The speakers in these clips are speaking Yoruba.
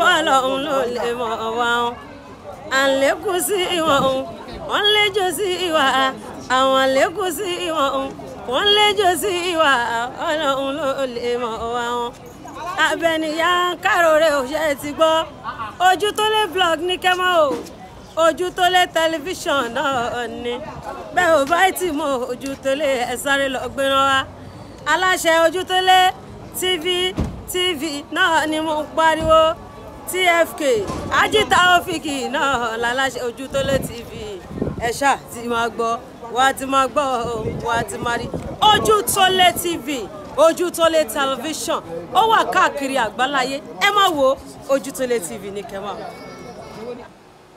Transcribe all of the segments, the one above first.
bọ́ọ̀lù òun ló lè mọ̀ wá o à ń lékún sí ìwọ̀n òun wọ́n léjò sí ìwà àwọn lékún sí ìwọ̀n òun wọ́n léjò sí ìwà ọlọ́run ló lè mọ̀ wá o abẹnìyà káròrè òṣèré ti gbọ́ ojú tó lé blog ní kẹ́mọ́ o ojú tó lé tẹlifíṣàn náà ni bẹ́ẹ̀ ò bá tì mọ́ ojú tó lé ẹ sáré lọ gbéra wa aláṣẹ ojú tó lé tv tv náà ni mo ń pariwo tfk ajita ofiki náà lálàṣẹ Ojútólé TV ẹ ṣáà ti máa gbọ́ wà á ti máa gbọ́ wà á máa rí Ojútólé TV Ojútólé television ó wà káàkiri àgbáláyé ẹ má wo Ojútólé TV ní kẹmà.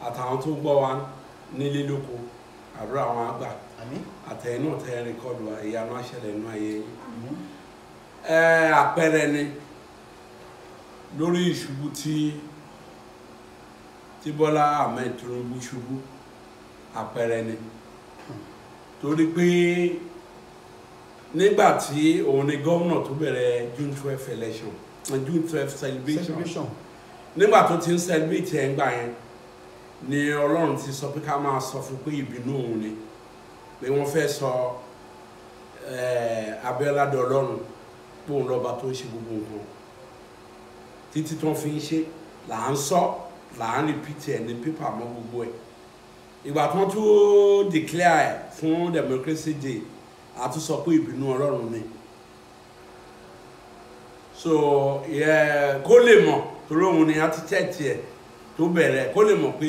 àtàwọn tó gbọ́ wa nílé lóko àbúrò àwọn àgbà àtẹ̀yìn náà tẹ́ ẹ rẹ́kọ́dù ìyanu àṣẹlẹ̀ inú ayé yìí àpẹẹrẹ ni lórí ìṣubú tí tí Bọ́lá Ahmed Tinubu ṣubú àpẹẹrẹ ni torí pé nígbà tí òun ni gómìnà tó bẹ̀rẹ̀ June twelve election June twelve celebration nígbà tó ti ń celebrate ẹ̀ ń gbà yẹn ni Ọlọ́run ti sọ pé ká máa sọ fún pé ìbínú òun ni pé wọ́n fẹ́ sọ Abíọ́lá dọ̀lọ́run pé òun lọ́ba tó ń ṣe gbogbo nǹkan títí tó fi ń ṣe là ń sọ là ń rìpítì ẹ̀ ní pépà mọ́ gbogbo ẹ̀ ìgbà tó tún declare fún democracy day a tún sọ pé ìbínú ọlọ́run ni so kó lè mọ̀ torí òun ni atitẹ́ẹ̀tì ẹ̀ tó bẹ̀rẹ̀ kó lè mọ̀ pé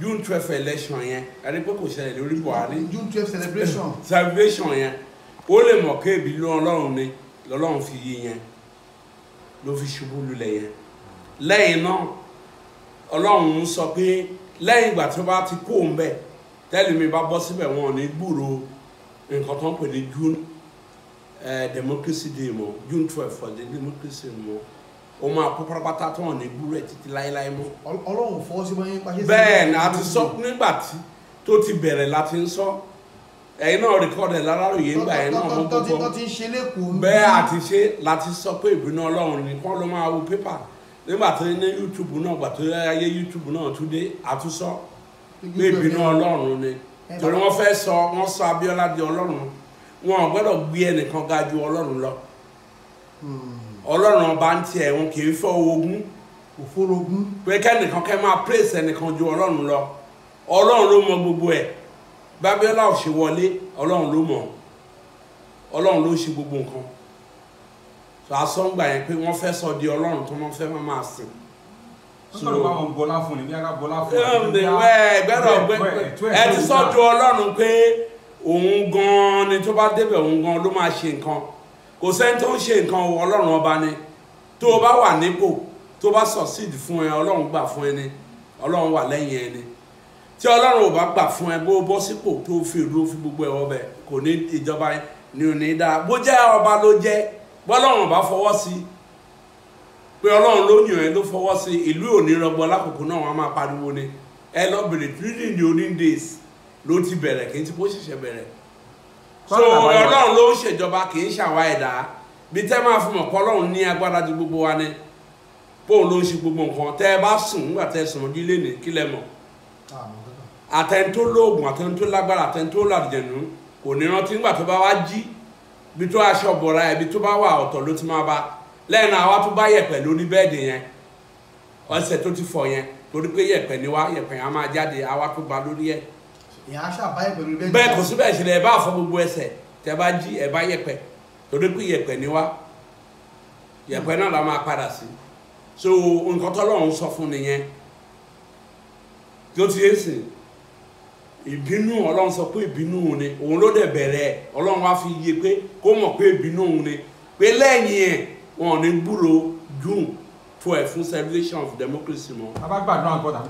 june twelve election yẹn ẹni pé kò ṣẹlẹ̀ lórí buhari june twelve celebration celebration yẹn ó lè mọ̀ pé ìbínú ọlọ́run ni lọ́lọ́run fi yí yẹn ló fi ṣubú lulẹ̀ yẹn lẹ́yìn náà ọlọ́run ń sọ pé lẹ́yìn ìgbà tí wọ́n bá ti kó òun bẹ̀ tẹ́lẹ̀ mi bá bọ́ síbẹ̀ wọn ò ní gbúrò nǹkan tó ń pè ní June eh, democracy day mọ́ June twelve for the democracy mọ́ o máa kó pátápátá tó wọn ní gbúrò ẹ̀ títí láéláé mọ́. ọlọ́run fọwọ́ sí wọn bẹ́ẹ̀ ni a ti sọ nígbà tó ti bẹ̀rẹ̀ la ń sọ. So ẹ̀yin náà rìkọ́dẹ̀ láláròyé ńgbà yẹn náà mọ́ púpọ̀ bẹ́ẹ̀ àti ṣe láti sọ pé ìbínú ọlọ́run nìkan ló máa wo pépà nígbà tó ní youtube náà gbà tó ayé youtube náà tún dé àtúnṣọ pé ìbínú ọlọ́run ni torí wọ́n fẹ́ sọ wọ́n sọ Abíọ́lá di ọlọ́run wọn ò gbọ́dọ̀ gbé ẹnìkan ga ju ọlọ́run lọ hmm. ọlọ́run ọba ń tiẹ̀ wọn kì í fọ́ ogún òfurogún pé kẹ́nìkan kẹ́ máa praise ẹnìkan ju ọlọ́run lọ ọlọ́run ló mọ gbogbo ẹ̀ gbábíọ́lá ò ṣe wọlé ọlọ́run ló mọ̀ ọlọ́run ló ṣe gbogbo nǹkan tó asọ́ngbà yẹn pé wọ́n fẹ́ sọ di ọlọ́run tó wọ́n fẹ́ máa sìn. sọ̀rọ̀ bá wọn bọlá fún ni bí ara bọlá fún ni. ẹgbẹ́rún ọgbẹ́ ẹ ti sọ ju ọlọ́run pé òun gan-an ni tó bá débẹ̀ òun gan-an ló máa ṣe nǹkan kò sẹ́ni tó ń ṣe nǹkan ọlọ́run ọba ni tó o bá wà nípò tó o bá succeed fún ẹ ọlọ́run gbà fún ẹni ọlọ́run wà lẹ́yìn ẹni tí ọlọ́run ò bá gbà fún ẹ bó bọ́ sípò tó fi ìlú fi gbogbo ẹ̀ wọ́bẹ̀ kò ní ìjọba ni ò ní dáa bó jẹ́ ọba ló jẹ́ bọ́lọ́run bá fọwọ́ sí pé ọlọ́run ló yàn ẹ́ ló fọwọ́ sí ìlú ò ní rọgbọ lákòókò náà wọ́n á máa pariwo ni ẹ lọ bèrè three in the olden days ló ti bẹ̀rẹ̀ kì í ti bó ṣẹ̀ṣẹ̀ bẹ̀rẹ̀ so ọlọ́run ló ń ṣèjọba kì í ṣàwa ẹ̀dá bí tẹ́ máa fi mọ̀ pé ọlọ́run ní agbára ju gbogbo wa ni bóun ló ń ṣe gbogbo nǹkan tẹ́ ẹ bá sùn nígbà tẹ́ ẹ sùn ojú lé kílẹ̀ mọ̀. àmín àtẹ̀ntó lóògùn àtẹ̀ntó lágbára àtẹ̀ntó làdìjẹ̀nu kò ní rántí nígbà tó bá wá jí bí tó aṣọ bọ̀ra ẹ̀ bí tó bá wà ọ̀tọ̀ ló ti máa bá lẹ́yìn náà wá tó bá yẹ̀pẹ̀ lórí bẹ́ẹ̀dì yẹn ọ̀sẹ̀ tó ti fọ̀ yẹn torí pé yẹ̀pẹ̀ ni wá yẹ̀pẹ̀ yẹn á máa jáde àwa tó ba lórí ẹ̀. bẹ́ẹ̀ kò síbẹ̀ ìṣẹ̀lẹ̀ ẹ bá fọ gbogbo ẹsẹ̀ tẹ bá jí ẹ bá yẹ̀pẹ̀ torí pé yẹ̀pẹ̀ ni wá yẹ̀pẹ̀ náà la máa padà sí so nǹkan tọ́lọ́run sọ fún nìyẹn tó ti yé sìn ìbínú ọlọ́run sọ pé ìbínú òun ni òun ló dẹ̀ bẹ̀rẹ̀ ọlọ́run wá fi yé pé kó mọ̀ pé ìbínú òun ni pé lẹ́yìn ẹ̀ wọn ò ní gbúrò june twelve fún celebration of democracy mọ́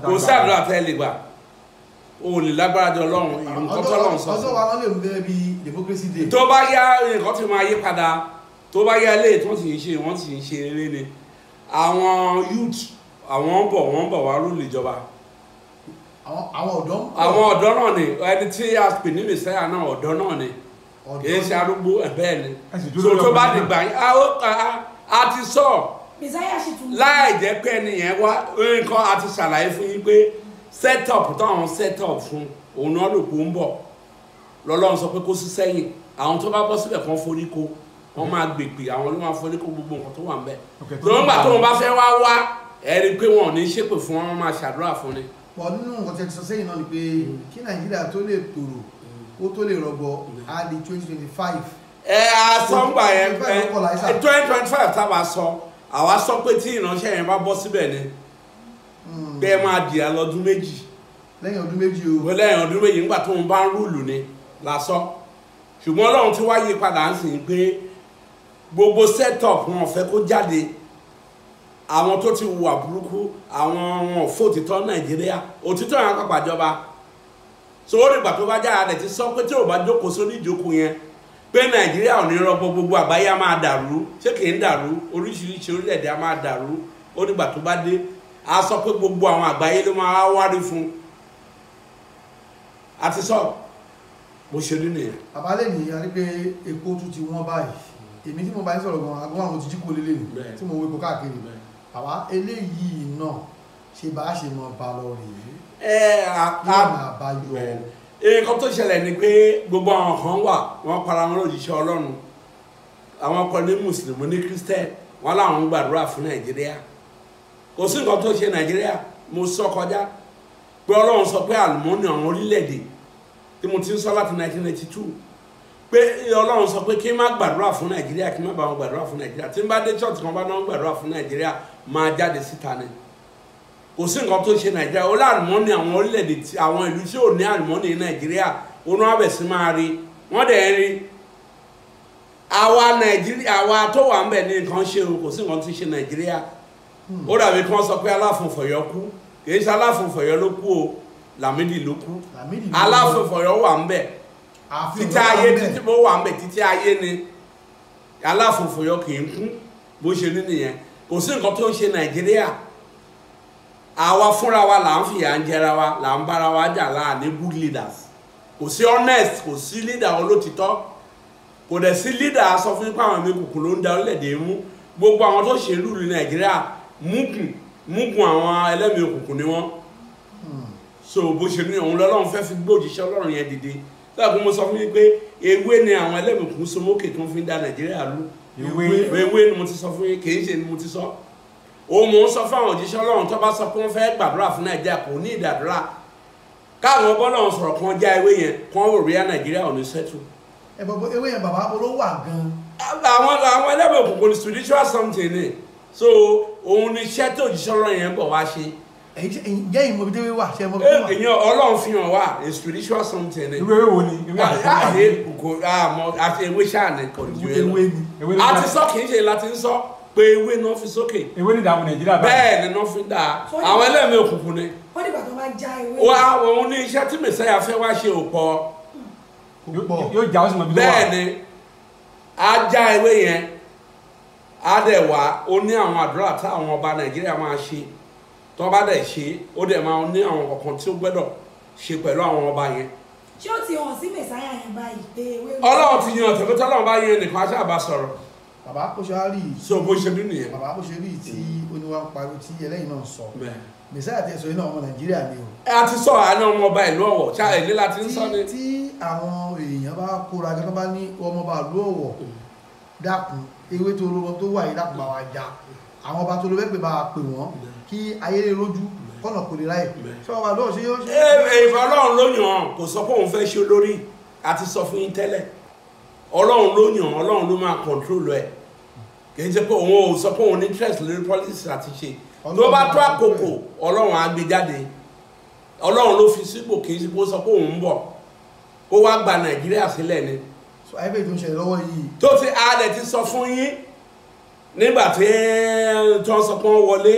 kò sí àdúrà tẹ́ lè gbà o lè lágbára di ọlọ́run nǹkan tó lọ́run sọ. ọjọ́ wa wọ́n lè bẹ́ẹ̀ bí democracy day. tó bá yá nǹkan tí máa yí padà tó bá yá ilé tí wọ́n sì ń ṣe wọ́n sì ń ṣe eré ni àwọn youth àwọn ń bọ̀ wọ́n ń bọ̀ wá lólè ìjọba àwọn ọ̀dọ́. àwọn ọ̀dọ́ náà ni ẹni tí a pè ní mẹsàáyà náà ọ̀dọ́ náà ni kì í ṣe arúgbó ẹ̀bẹ́ ni so tó bá di gbà yín a ti sọ láì jẹ́ pé ẹni wá nǹkan a ti ṣàlàyé fún yín pé set up táwọn set up fún òun náà ló kó ń bọ̀ lọ́lọ́run sọ pé kó sí sẹ́yìn àwọn tó bá bọ́ síbẹ̀ kan forí ko wọ́n máa gbègbè àwọn ló máa forí ko gbogbo nǹkan tó wà ń bẹ̀ lọ́gbà tó wọn bá fẹ́ wá wá ẹ̀rí pé wọn ò ní ṣépè fún wọn máa ṣàdúrà fún ni pọ̀ nínú nǹkan tẹ́tí sọ́sẹ́yìn náà ni pé kí nàìjíríà tó lè tòrò kó tó lè rọgbọ á di twenty twenty five. ẹ asọ́ngbà yẹn twenty twenty five táwa sọ àwa sọ pé tí ìránṣẹ́ yẹn bá bọ́ síbẹ̀ ni pé hmm. ẹ máa dìyà lọ́dún méjì. lẹ́yìn ọdún méjì o. lẹ́yìn ọdún méjì nígbà tó ń bá ń rúùlù ni lásán ṣùgbọ́n ọlọ́run ti wá yí padà ń sìn pé gbogbo set up wọn fẹ́ kó jáde àwọn tó ti wùwà burúkú àwọn ọmọ òfòtítọ́ nàìjíríà òtítọ́ yẹn kápá jọba so ó dìgbà tó bá jára rẹ̀ ti sọ pé tí ò bá jókòó sórí ìjókòó yẹn pé nàìjíríà ò ní rọgbọ gbogbo àgbáyé á máa dàrú ṣé kì í dàrú oríṣiríṣi orílẹ̀-èdè á máa dàrú ó dìgbà tó bá dé a sọ pé gbogbo àwọn àgbáyé ló máa wárí fún un àti sọ mo ṣe rí nìyẹn. bàbá lè ní a rí pé epo tún ti wọ́n báyìí èmi tí mo bá ń sọ̀rọ̀ gan-an agbóhàn mo ti jí kó lélẹ̀ tí mo wé kó káàkiri àwa eléyìí náà ṣe bá ṣe mọ ba lọ rèé. ẹ a a nǹkan tó ṣẹlẹ̀ ni pé gbogbo àwọn kan wà wọ́n para wọn lójíṣẹ́ ọlọ́run àwọn kan ní mùsùlùmí ní kristẹn wọn làwọn ń gbàdúrà fún nàìjíríà kò sí nǹkan tó ṣe nàìjíríà mo sọ kọjá pé ọlọ́run sọ pé àlùmọ́ọ́nì àwọn orílẹ̀-èdè tí mo ti ń sọ láti 1992 pé ọlọ́run sọ pé kí n má gbàdúrà fún nàìjíríà kí n má bá wọn gbàdúrà fún nàìjíríà tí n bá dé church kan bá náà gbàdúrà fún nàìjíríà máa jáde síta ni kò sí nǹkan tó ṣe nàìjíríà ó lá àlùmọ́nì àwọn orílẹ̀-èdè tí àwọn ìlú tí ò ní àlùmọ́nì nàìjíríà onú àbẹ̀sí máa rí wọ́n dẹ̀ ń rí àwa nàìjíríà àwa tó wà ń bẹ̀ ní nǹkan ṣe o kò sí nǹkan tó ṣe nàìjíríà ó dàbí kí wọ́n sọ pé aláfòfòyọ kú kì í ṣe aláfòfòyọ ló kú o làmídì ló kú aláfòfòyọ wà ń bẹ̀ títí ayé títí mo wà mbẹ títí ayé ni aláfòfò yọ kì í kú bó ṣe ní nìyẹn kò sí nǹkan tó ń ṣe nàìjíríà àwa fúnra wa là ń fìyà ń jẹra wa là ń bára wa jà láà ní good leaders kò sí honest kò sí leader olótìtọ́ kò dẹ̀ sí leader sọ fún yín pé àwọn ẹ̀mí kùkù ló ń da orílẹ̀-èdè mú gbogbo àwọn tó ṣe lùlù nàìjíríà múkùn múkùn àwọn ẹlẹ́mìí òkùnkùn ni wọ́n hmm. so bó ṣe ní òun lọ́lọ́run fẹ́ fi gbòjìṣẹ́ ọlọ́run yẹn dìde láàbù mo sọ fún yín pé ewé ni àwọn ẹlẹ́mìkún sọmókè tó ń fi da nàìjíríà lú ewé ni mo ti sọ fún yín kì í ṣe ni mo ti sọ òun mò ń sọ fún àwọn òjíṣẹ́ ọlọ́run tó bá sọ pé wọ́n fẹ́ gbàdúrà fún nàìjíríà kò ní ìdàdúrà káwọn bọ́lọ́run sọ̀rọ̀ kan já ewé yẹn kan rò rí nàìjíríà ò ní sẹ́tù. ẹ bọ̀ ewé yẹn bàbá mo ló wà gan. àwọn àwọn ẹlẹ́mìkún kò ní spiritual something ni so òun ni iṣẹ́ tó ǹjẹ́ ìmọ̀ bí déwé wà ṣe mọ̀ bí wà. èyàn ọlọ́run fi hàn wá a spiritual something ni. ìwé wo ni ìwé àti àyè kò àmọ́ ah, àti ewé ṣáàni kò ju ẹ lọ àti sọ kì í ṣe láti sọ pé ewé náà fi sókè. ewé ni ìdààmú nàìjíríà báyìí. bẹ́ẹ̀ ni náà fi dà àwọn ẹlẹ́mìí òkùnkùn ni. wọ́n ní bàtà máa já ewé. wá òun ní iṣẹ́ tí mẹ̀sáyà fẹ́ wá ṣe òpọ̀. yóò já ó sì mọ bí wọ́n wà. bẹ́ẹ̀ ni á já ewé yẹn á dẹ̀ wá ó ní àwọn àdúrà táwọn ọba nàìjíríà máa ṣe tó bá dẹ̀ ṣe ó dẹ̀ máa ní àwọn kankan tí ó gbẹ́dọ̀ ṣe pẹ̀lú àwọn ọba yẹn. ṣé ó ti hàn sí mẹ̀sáyà yẹn báyìí pé ọlọ́run ti yan tẹ̀mí tọ́lọ́run bá yẹn nìkan aṣáà bá sọ̀rọ̀. bàbá kò ṣe á so bó ṣe rí nìyẹn. bàbá kò ṣe rí i tí oníwà ń pariwo tí ẹlẹ́yìn náà sọ. mẹ̀sáyà ti sọ iná ọmọ nàìjíríà ni o. ẹ àti sọ àná ọmọ ọba ìlú ọ̀wọ̀ ṣáà láti ń sọ ni. tí àwọn èèyàn bá kóra gan tó ní ọmọ ọba ìlú ọ̀wọ̀ mm. dákun ewé tó lọ́wọ́ tó wà yìí dákun bá wa já àwọn ọba tó ló fẹ́ pè bá pè wọ́n kí ayé lè rójú kọ́nà kò lè ráyè ṣé ọba lóò ṣe yóò ṣe. ẹ ìfẹ́ ọlọ́run ló yàn án kò sọ pé òun fẹ́ ṣe olórí àti sọ fún yín tẹ́lẹ̀ ọlọ́run ló yàn án ọlọ́run ló máa kọ̀ǹtrólù ẹ̀ kì í ṣe pé òun ò sọ pé òun ní interest lórí politics àti ṣe tó bá tó àkókò ọlọ́run á gbé jáde ọlọ́run ló fi sípò kì í ṣe pé ó sọ pé òun ń bọ̀ kó wá gba nàìjíríà sílẹ̀ ni. sọ ayébẹ̀jọ́ ń ṣẹlẹ̀ lọ́wọ́ yìí. tó ti adẹ̀ ti sọ fún yín nígbà tí tó ń sọ pé wọ́n wọlé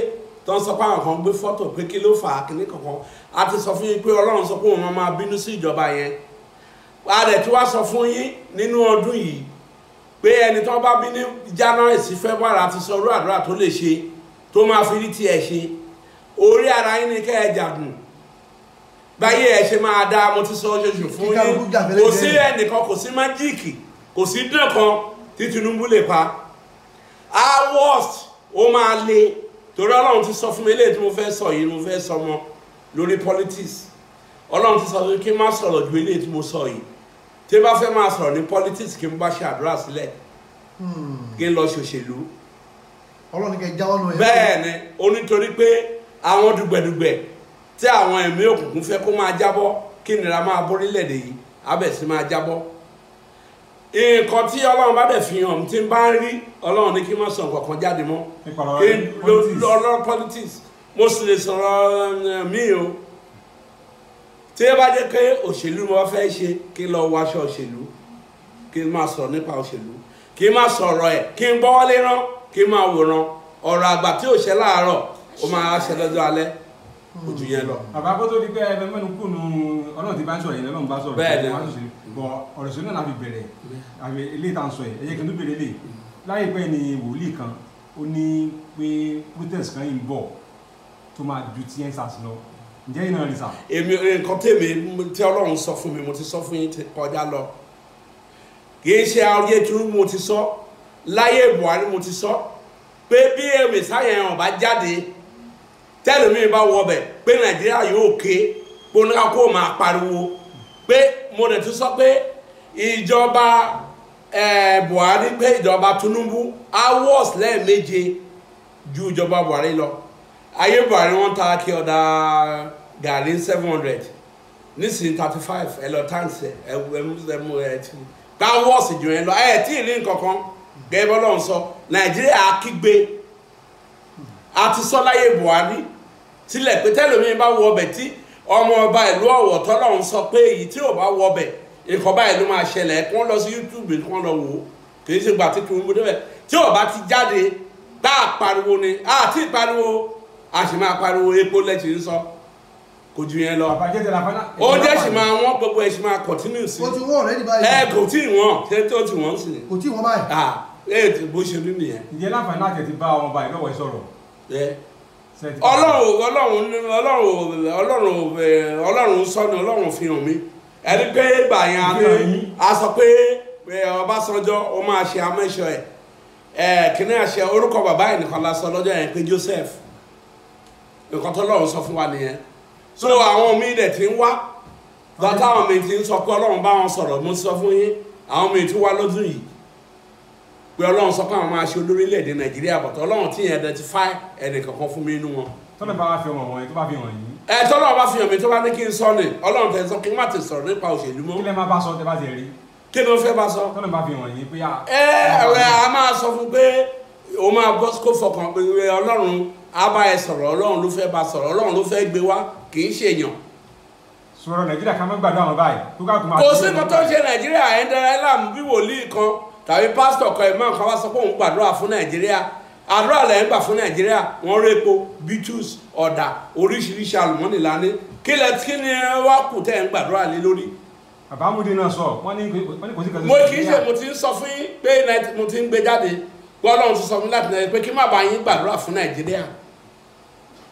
tó ń sọ pé àwọn kan gbé fọ́tò pé kí ló fà á kíní kankan a ti sọ fún yín pé ọlọ́run sọ pé òun máa bínú sí ìjọba yẹn a dẹ̀ tí wá sọ fún yín nínú ọdún yìí pé ẹni tó bá bí ní January sí February àti sọ orú àdúrà tó lè ṣe tó máa fi rí tiẹ̀ ṣe orí ara yín ni kẹ́ ẹ jàdùn báyé ẹ ṣe máa dá mo ti sọ oṣooṣù fún yín kò sí ẹnìkan kò sí májíìkì kò sí dán kan tí Tinubu lè pa awọ́st ó máa le torí ọlọ́run ti sọ fún mi eléyìí tí mo fẹ́ sọ yìí mo fẹ́ sọ mọ́ lórí politics ọlọ́run ti sọ pé kí n má sọ̀rọ̀ ju eléyìí tí mo sọ yìí tí n bá fẹ́ máa sọ̀rọ̀ ní politics kí n bá ṣe àdúrà sílẹ̀ hmm. kí n lọ ṣòṣèlú. ọlọ́run kẹ́ jáwọ́ nù ẹ̀. bẹ́ẹ̀ ni ó nítorí pé àwọn dùgbẹ̀dùgbẹ̀ tí àwọn ẹ̀mí òkùnkùn fẹ́ kó máa jábọ́ kí nira máa borílẹ̀-èdè yìí abẹ̀ sí máa jábọ́ nǹkan tí ọlọ́run bá dẹ̀ fi hàn tí n bá ń rí ọlọ́run ní kí n má sọ nǹkan kan jáde mọ́ ọlọ́run politics mo sì lè sọ̀rọ̀ eh, mí o tí ẹ bá jẹ́ pé òṣèlú mo fẹ́ ṣe kí n lọ wọ aṣọ òṣèlú kí n máa sọ̀rọ̀ nípa òṣèlú kí n máa sọ̀rọ̀ ẹ̀ kí n gbọ́wọ́lé rán kí n máa wòran ọ̀rọ̀ àgbà tí ò ṣe láàárọ̀ ó máa ṣe lọ́jọ́ alẹ́ ojú yẹn lọ. bàbá kó tó di pé ẹbẹ mẹnu kù nù Ọlọ́run ti bá ń sọ̀rọ̀ yẹn lọ́run bá sọ̀rọ̀ bẹ́ẹ̀ ni bọ ọ̀rọ̀ sọ náà la fi bẹ̀rẹ̀ àbí ilé ìta sọ ẹ ẹ yẹ kí n tó bèrè lè láìpẹ́ ni wòlíì kan ó ní pé protest kan yìí ń bọ̀ tó máa ju ti ẹ̀ sàs lọ ǹjẹ́ yìí náà rí sà. èmi nǹkan tèmi tí Ọlọ́run sọ fún mi mo ti sọ fún yín kọjá lọ kì í ṣe ayé tún mo ti sọ láyé Buhari mo ti sọ pé bí èmi sáyẹn ọba jáde tẹ́lẹ̀mí bá wọ bẹ̀ pé nàìjíríà yóò ké pé oníkà kó máa pariwo pé mo lè tún sọ pé ìjọba buhari pé ìjọba tinubu awards lẹ́ẹ̀méje ju ìjọba buhari lọ ayé buhari wọn ta kí ọ̀dà gàrí seven hundred nísìnyí thirty five ẹ lọ tanks ẹ mú ẹ ti gba awards jù yẹn lọ ẹ tí ì ní nǹkan kan gẹ́gẹ́ bọ́lọ́run nàìjíríà kígbe àti sọ́láyé buhari sílẹ̀ pé tẹ́lómi bá wọ ọbẹ̀ tí ọmọ ọba ìlú ọ̀wọ̀ tọ́lọ́run sọ pé èyí tí ò bá wọ ọbẹ̀ ikọ̀ báyìí ló máa ṣẹlẹ̀ kí wọ́n lọ sí YouTube kí wọ́n lọ wò ó kì í ṣe gbà tí Tinubu débẹ̀ tí ò bá ti jáde bá a pariwo ni a ti pariwo a sì máa pariwo epo lẹ́sìn ń sọ kò ju yẹn lọ ó dẹ́ sì máa wọ́n gbogbo ẹ̀ sì máa continue sí ẹ kò tí ì wọ́n ṣé tó ti wọ́n sí. kò tí ì wọ́n báyìí. ah ẹ bó ṣe rí nìyẹn. ìyẹn láǹfààní láti ti bá ọmọ báyìí lọ́wọ́ ẹ sọ̀rọ̀ ọlọ́run ọlọ́run ọlọ́run ọlọ́run eh, ọlọ́run sọ́ni ọlọ́run fi hàn mí ẹni pé bàyàn àmì a sọ pé eh, Ọbásanjọ́ ó máa ṣe amẹ́ṣọ ẹ̀ ẹ̀ kìnnì àṣẹ orúkọ bàbá yìí nìkan la sọ lọ́jọ́ yẹn pé Joseph nǹkan tó lọ́run sọ fún wa nìyẹn so àwọn míì dẹ̀ ti ń wá bàtà àwọn míì ti ń sọ pé ọlọ́run bá wọn sọ̀rọ̀ mo sọ fún yín àwọn míì ti wá lọ́dún yìí pé ọlọ́run sọ pé àwọn máa ṣe olórí ilẹ̀-èdè nàìjíríà bọ̀tọ̀ ọlọ́run tí yẹn identify ẹnì kankan fún mi nínú wọn. tọ́lọ̀ bá wá fi hàn wọ́n yìí tó bá fi hàn yìí. ẹ tọ́lọ̀ bá fi hàn mi tó bá ní kí n sọ ni ọlọ́run tẹ̀ sọ kí n má ti sọ̀rọ̀ nípa òṣèlú mọ́. kí lẹ́ máa bá sọ tẹ́ bá ti rí. kí ló fẹ́ bá sọ. tọ́lọ̀ bá fi hàn yìí pé. ẹ ẹ a máa sọ fún pé o máa bọ́ kó fọkàn pé ọlọ́run á bá ẹ sọ̀rọ̀ ọlọ́run ló fẹ́ bá sọ̀rọ̀ ọlọ́run ló fẹ́ gbé wá kì í ṣèyàn sọ̀rọ̀ nàìjíríà ká má gbàdúrà wọn báyìí kó ká kó máa. kò sí nǹkan tó ń ṣe nàìjíríà ẹ̀ ń dara ẹ̀ láàmú bí wòlíì kan tàbí pásítọ̀ kan ìmọ̀ nǹkan wá sọ pé òun gbàdúrà fún nàìjíríà àdúrà lẹ́yìn gbà fún nàìjíríà wọ́n rí epo bitus ọ̀dà oríṣiríṣi àlùmọ́nì lání kí lẹ kí ni wá kù tẹ́ ẹ̀ ń gbàdúrà lé lórí. àbámúdé náà sọ wọn ní kò sí kẹsì. mo kì í ṣe mo ti ń sọ fún yín pé mo ti ń gbé jáde gbọ́dọ̀ ti sọ fún láti nàìjíríà pé kí má bàa yín gbàdúrà fún nàìjíríà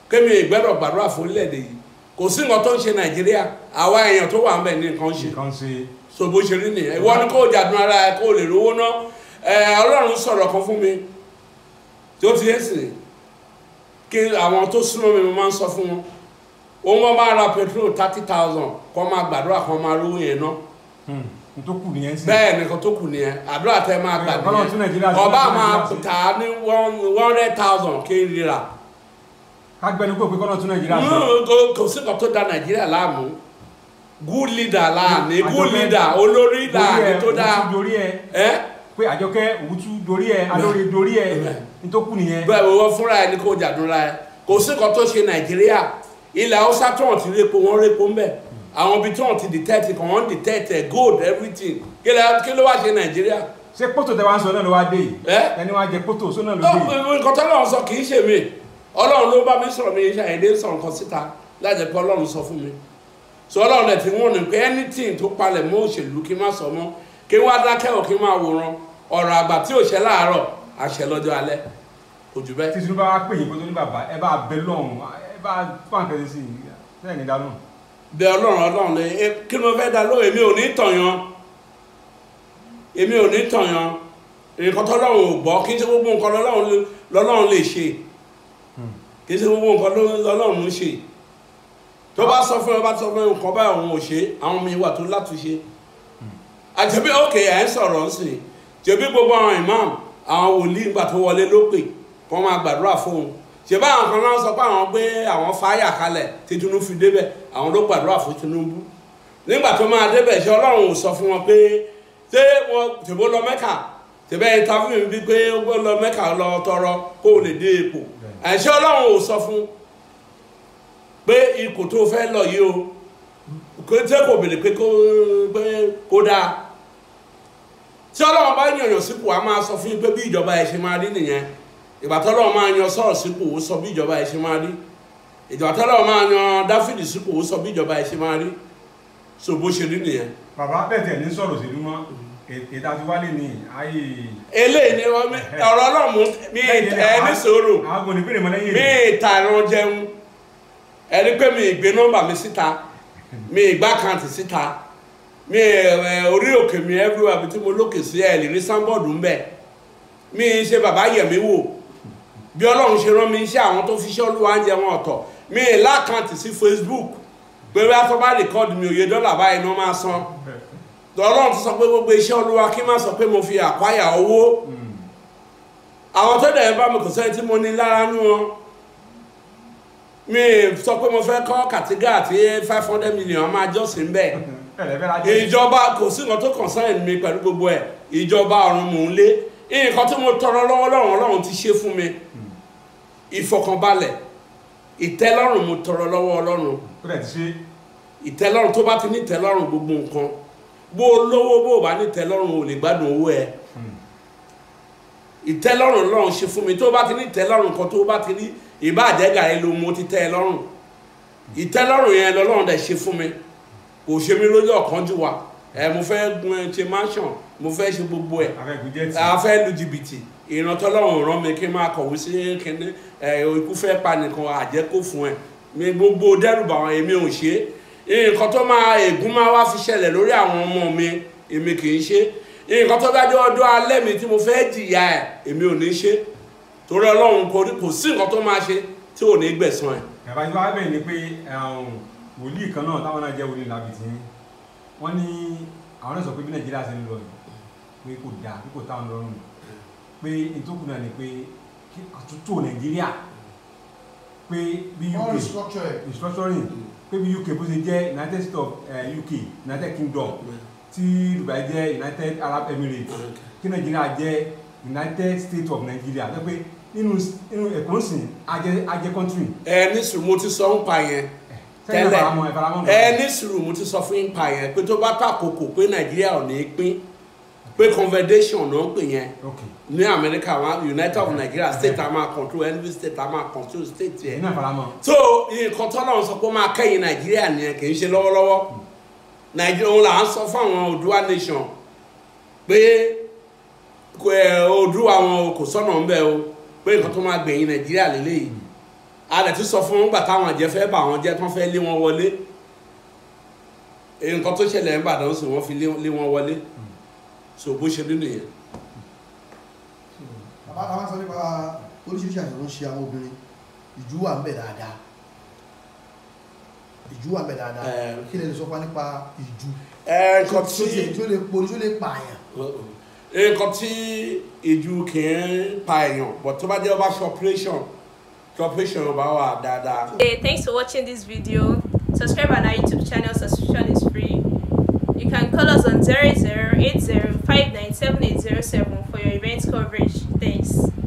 kémi ìgbẹ́rọ̀ gbàdúrà fún orílẹ̀-èdè yìí kò sí nǹkan tó ń ṣe nàìjíríà àwa èèyàn tó wà ń bẹ̀ ní nǹkan ṣe. nǹkan ṣe so bó ṣe rí nìyẹn ìwọ ni kò jàdùn ara ẹ kò lè rówó ná ọlọ́run sọ̀rọ̀ kan fún mi tí ó ti yé sìn kí àwọn tó súnmọ́ mi mo máa ń sọ fún wọn òun wọn máa ra petrol thirty thousand kó máa gbàdúrà kó máa rówó yẹn ná hmm, tó kù nìyẹn sí. bẹ́ẹ̀ nìkan tó kù nìyẹn àdúrà tẹ máa gbà nìyẹn ọba máa ta ní one hundred thousand kí n rira. ká gbẹnu kó pé kọ́nà tún nàìjíríà hmm, kò sí kan tó da nàìjíríà láàmú good leader láàní good leader olórí láàní tó dáa ẹ pé àjọkẹ́ òwútú dorí ẹ alóore dorí ẹ nítòkù nìyẹn. bẹ́ẹ̀ wọ́n fúnra ẹ ní kó jàdúrà ẹ kò sí nǹkan tó ṣe nàìjíríà ilẹ̀ haúsá tí wọ́n ti répo wọ́n répo ńbẹ̀ àwọn ibi tí wọ́n ti detect kan wọ́n detect gold everything kí ló wá ṣe nàìjíríà. ṣé pọ́tò tẹ wá ń sọ náà ló wá dé yìí ẹni wá jẹ pọ́tò sọ náà ló dé yìí. nǹkan tó lọ́wọ́ sọ kì í ṣe mi ọlọ́run ló bá mi sọ̀rọ̀ mi ṣàyẹ̀dẹ́ sọ̀rọ̀ kan síta láti pé ọlọ́run So ọlọ́run lẹ̀ fi wọ́n ní pé anything tó palẹ̀ mọ́ òṣèlú kí má sọ mọ́ kí wá dákẹ́ ò kí má wòran ọ̀rọ̀ àgbà tí òṣẹ́ láàárọ̀ àṣẹ lọ́jọ́ alẹ́ òjò bẹ́ẹ̀. tí tinubu bá pè yín kó tó ní bàbá ẹ bá bẹ lọ́hùn ẹ bá pàǹkẹ́ sí i sẹ́yìn ní dáná. bẹ ọlọ́run ọlọ́run lè kí ló fẹ́ dá lóhùn èmi ò ní tọ̀yàn èmi ò ní tọ̀yàn nǹkan tọ́lọ́run ò gbọ́ kí n ṣe gbogbo nǹkan lọ́lọ́run lè ṣe hmm. kí n ṣe gbogbo nǹkan lọ́lọ́run ń ṣe tó bá sọ fún ẹ bá sọ fún ẹ nǹkan báyìí òun ò ṣe àwọn mi wà tó látúnṣe hmm. àjẹbí òkè ẹ̀ ń sọ̀rọ̀ ń sìn jẹ̀bi gbogbo àwọn imam àwọn wòlíì ìgbà tó wọlé ló pè kó máa gbàdúrà fóun ṣèbá àwọn kan náà sọ pé àwọn gbé àwọn fáyà kalẹ̀ tí Tinubu fi débẹ̀ àwọn ló gbàdúrà fún Tinubu nígbà tó máa débẹ̀ ṣe Ọlọ́run sọ fún wọn pé ṣé wọn tèbó lọ Mẹ́kà tèbẹ́ ìtafíìmù bíi pé ó lọ Mẹ́kà lọ tọrọ kó o lè dé ipò àìṣe Ọlọ́run ò sọ fún pé ipò tó fẹ́ lọ yìí o kò tẹ́ kò béèrè pé kó dáa tí ọlọ́run bá yan èèyàn sípò a máa sọ fún yín pé bí ìjọba ẹ̀ ṣe máa rí nìyẹn ìgbà tọ́lọ́run máa yan sọ́ọ̀ sípò ó sọ bí ìjọba ẹ̀ ṣe máa rí ìjọba tọ́lọ́run máa yan dáfídì sípò ó sọ bí ìjọba ẹ̀ ṣe máa rí so bó ṣe rí nìyẹn. bàbá bẹ̀tẹ̀ ní sọ̀rọ̀ sílú mọ́ ètò àtiwálé ni ayé. eléyìí ni ọ̀rọ̀ ọlọ́run mi ẹ̀ ní sọ̀rọ̀ mi ìtàràn jẹun ẹni pé mi ìgbé nọ́mbà mi síta mi ìgbá kàǹtì síta mi ẹ orí òkè mi everywhere bí tí mo lókè sí ẹ lè rí sáńbọ̀dù ń bẹ̀ mi ṣe bàbá yẹ̀mí wò bí ọlọ́run ṣe rán mi iṣẹ́ àwọn tó fi ṣe olúwa ń jẹ wọn ọ̀tọ̀ mi ìlà kàǹtì sí Facebook pẹ̀lú afọ́bá rìkọ́dù mi òye dọ́là báyìí ni wọ́n máa san ọlọ́run ti sọ pé gbogbo iṣẹ́ olúwa kí n má sọ pé mo fi àkwáyà owó hmm. àwọn tó dẹ̀ bá mi kò sẹ́ni tí mo ní lára nú wọn mi sọ pé mo fẹ́ kọ́ kàtígà àti five hundred million máa jọ́sìn bẹ́ẹ̀ ìjọba kò sí nǹkan tó concern mi pẹ̀lú gbogbo ẹ̀ ìjọba ọ̀run mò ń lé nǹkan tí mo tọrọ lọ́wọ́ lọ́rùn ọlọ́run ti ṣe fún mi ìfọkànbalẹ̀ ìtẹ́lọ́rùn mo tọrọ lọ́wọ́ ọlọ́run ìtẹ́lọ́rùn tó bá ti ní ìtẹ́lọ́rùn gbogbo nǹkan bó o lówó bó o bá ní ìtẹ́lọ́rùn o lè gbádùn owó ẹ hmm. ìtẹ́lọ́rùn lọ́run ṣe fún mi tó bá ti ní ìtẹ́lọ́rùn nǹkan tó bá ti ní ìtẹ́lọ́rùn ìbá àjẹgà yẹn ló mo ti tẹ́ ẹ lọ́rùn ìtẹ́lọ́rùn yẹn lọ́lọ́run dẹ̀ ṣe fún mi kò ṣe mí lójú ọ̀kan jù wá ẹ mo fẹ́ gun ṣe mansion mo fẹ́ ṣe gbogbo ẹ̀ a fẹ́ lu jìbìtì ìrántọ́ lọ́run rán mi kí n máa kọ̀wé sí kíní ẹ ikú fẹ́ pa nìkan àjẹkó fún ẹ mi gbogbo dẹ́rùbà wọn èmi ò ṣe é nǹkan tó máa ègún máa wá fi ṣẹlẹ̀ lórí àwọn ọmọ mi èmi kì í ṣe é nǹkan tó bá dé ọdún alẹ́ mi tí mo fẹ́ jìyà ẹ̀ èmi ò ní ṣe é torí ọlọ́run kò sí nǹkan tó máa ṣe tí ò ní gbẹ̀san ẹ̀. bàbá yìí wàá bẹ̀rẹ̀ ni pé um, wòlíì kan náà táwọn náà jẹ́ wòlíì làbìtì wọ́n ní àwọn náà sọ pé bí nàìjíríà ṣe ń lọ pé kò dáa pé kò táwọn lọ́rùn pé ìtókù náà ni pé àtúntò nàìjíríà pé bí uk restructuring pé bí uk bó ṣe jẹ́ united states of eh, uk united kingdom tí dubai jẹ́ united arab emirates kí nàìjíríà jẹ́ united states of nigeria lẹ́pẹ́ nínú ẹ̀kọ́ sìn ajẹ́ kọ́ntìrì. ẹ ní sùúrù mo ti sọ ń pa yẹn tẹ́lẹ̀ ẹ ní sùúrù mo ti sọ fún ń pa yẹn pé tó bá tó àkókò pé nàìjíríà ò ní pín pé confederation ló ń pè yẹn ní amẹ́ríkà united of nigeria state a máa control envy state a máa control state yẹn so nǹkan tó náà sọ pé ó máa kẹ́yìn nàìjíríà nìyẹn kì í ṣe lọ́wọ́lọ́wọ́ nàìjíríà òun là ń sọ fún àwọn odua nation pé odua wọn kò sọ̀nà ń bẹ̀ o pé nǹkan tó máa gbẹ̀yìn nàìjíríà lélẹ́yìí a lè ti sọ fún wọn gbà táwọn àjẹ fẹ́ bà wọ́n jẹ́ tán fẹ́ lé wọn wọlé nǹkan tó ṣẹlẹ̀ ń bàdàn sí wọ́n fi lé wọn wọlé so bó ṣe nínú yẹn. bàbá àwọn sọ nípa oríṣiríṣi àṣà ló ń ṣe àwọn obìnrin ìjú wà ń bẹ dáadáa ìjú wà ń bẹ dáadáa kí lè sọ pa nípa ìjú. ẹ nǹkan tí tó lè pori tó lè pààyàn nǹkan tí ìjù kì í pa èèyàn but tó bá jẹ́ ọba corporation corporation ọba wà dáadáa. hey thanks for watching this video subscribe on our youtube channel subscription is free you can call us on zero zero eight zero five nine seven eight zero seven for your event coverage thanks.